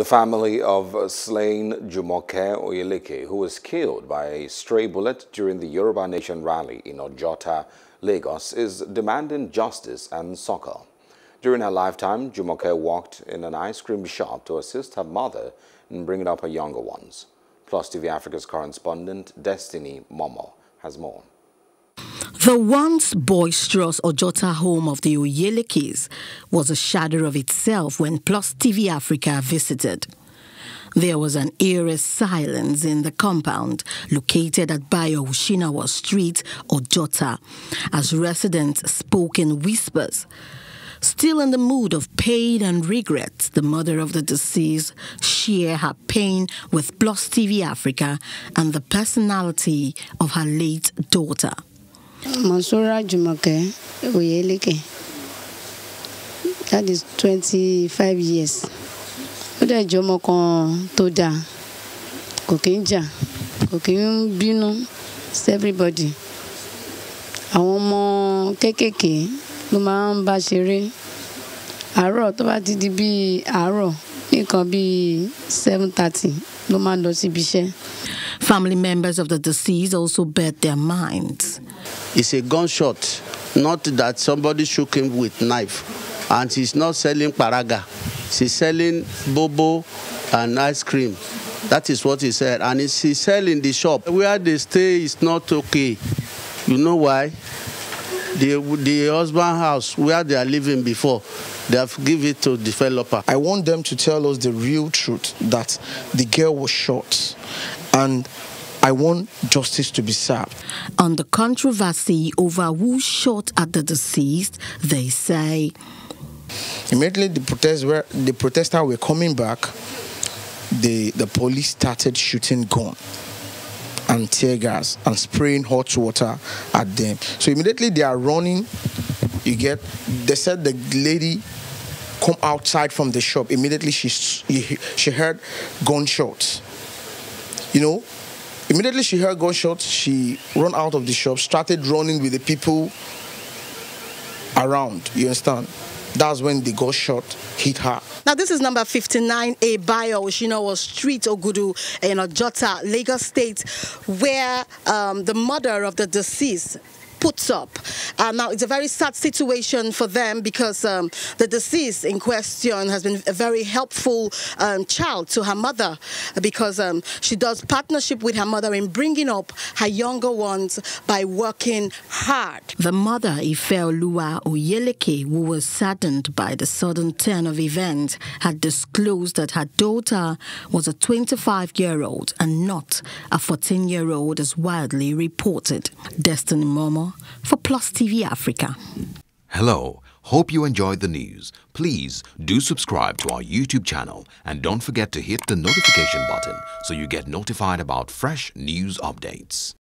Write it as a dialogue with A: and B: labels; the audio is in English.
A: The family of slain Jumoke Oyelike, who was killed by a stray bullet during the Yoruba Nation rally in Ojota, Lagos, is demanding justice and succor. During her lifetime, Jumoke worked in an ice cream shop to assist her mother in bringing up her younger ones. Plus TV Africa's correspondent, Destiny Momo, has more.
B: The once boisterous Ojota home of the Oyelekis was a shadow of itself when Plus TV Africa visited. There was an eerie silence in the compound located at Bayo Ushinawa Street, Ojota, as residents spoke in whispers. Still in the mood of pain and regret, the mother of the deceased shared her pain with Plus TV Africa and the personality of her late daughter.
C: Mansura Jumoke Oyeleke. That is twenty five years. Ó dẹ̀ jẹ́ ọmọ kan tó dáa. Kò kí ń jà, kò kí ń bínú sí everybody. Àwọn ọmọ kéékèèké ló máa ń bá ṣeré. Àárọ̀ tó bá ti di bíi àárọ̀ nìkan bíi seven thirty ló máa ń lọ síbi iṣẹ́. Family members of the
B: deceased also bared their minds.
D: It's a gunshot, not that somebody shook him with knife. And he's not selling paraga. He's selling bobo and ice cream. That is what he said. And he's selling the shop. Where they stay is not okay. You know why? The, the husband house where they are living before, they have given it to developer.
A: I want them to tell us the real truth that the girl was shot and I want justice
B: to be served. On the controversy over who shot at the deceased, they say.
A: Immediately the were the protesters were coming back, the the police started shooting guns and tear gas and spraying hot water at them. So immediately they are running. You get they said the lady come outside from the shop. Immediately she she heard gunshots. You know, Immediately she heard gunshots, she ran out of the shop, started running with the people around. You understand? That's when the gunshot hit her.
B: Now, this is number 59A Bio was Street, Ogudu, in Ojota, Lagos State, where um, the mother of the deceased, puts up. Uh, now, it's a very sad situation for them because um, the deceased in question has been a very helpful um, child to her mother because um, she does partnership with her mother in bringing up her younger ones by working hard. The mother, Ifeoluwa Oyeleke, who was saddened by the sudden turn of events, had disclosed that her daughter was a 25-year-old and not a 14-year-old as widely reported. Destiny Momo for Plus TV Africa.
A: Hello. Hope you enjoyed the news. Please do subscribe to our YouTube channel and don't forget to hit the notification button so you get notified about fresh news updates.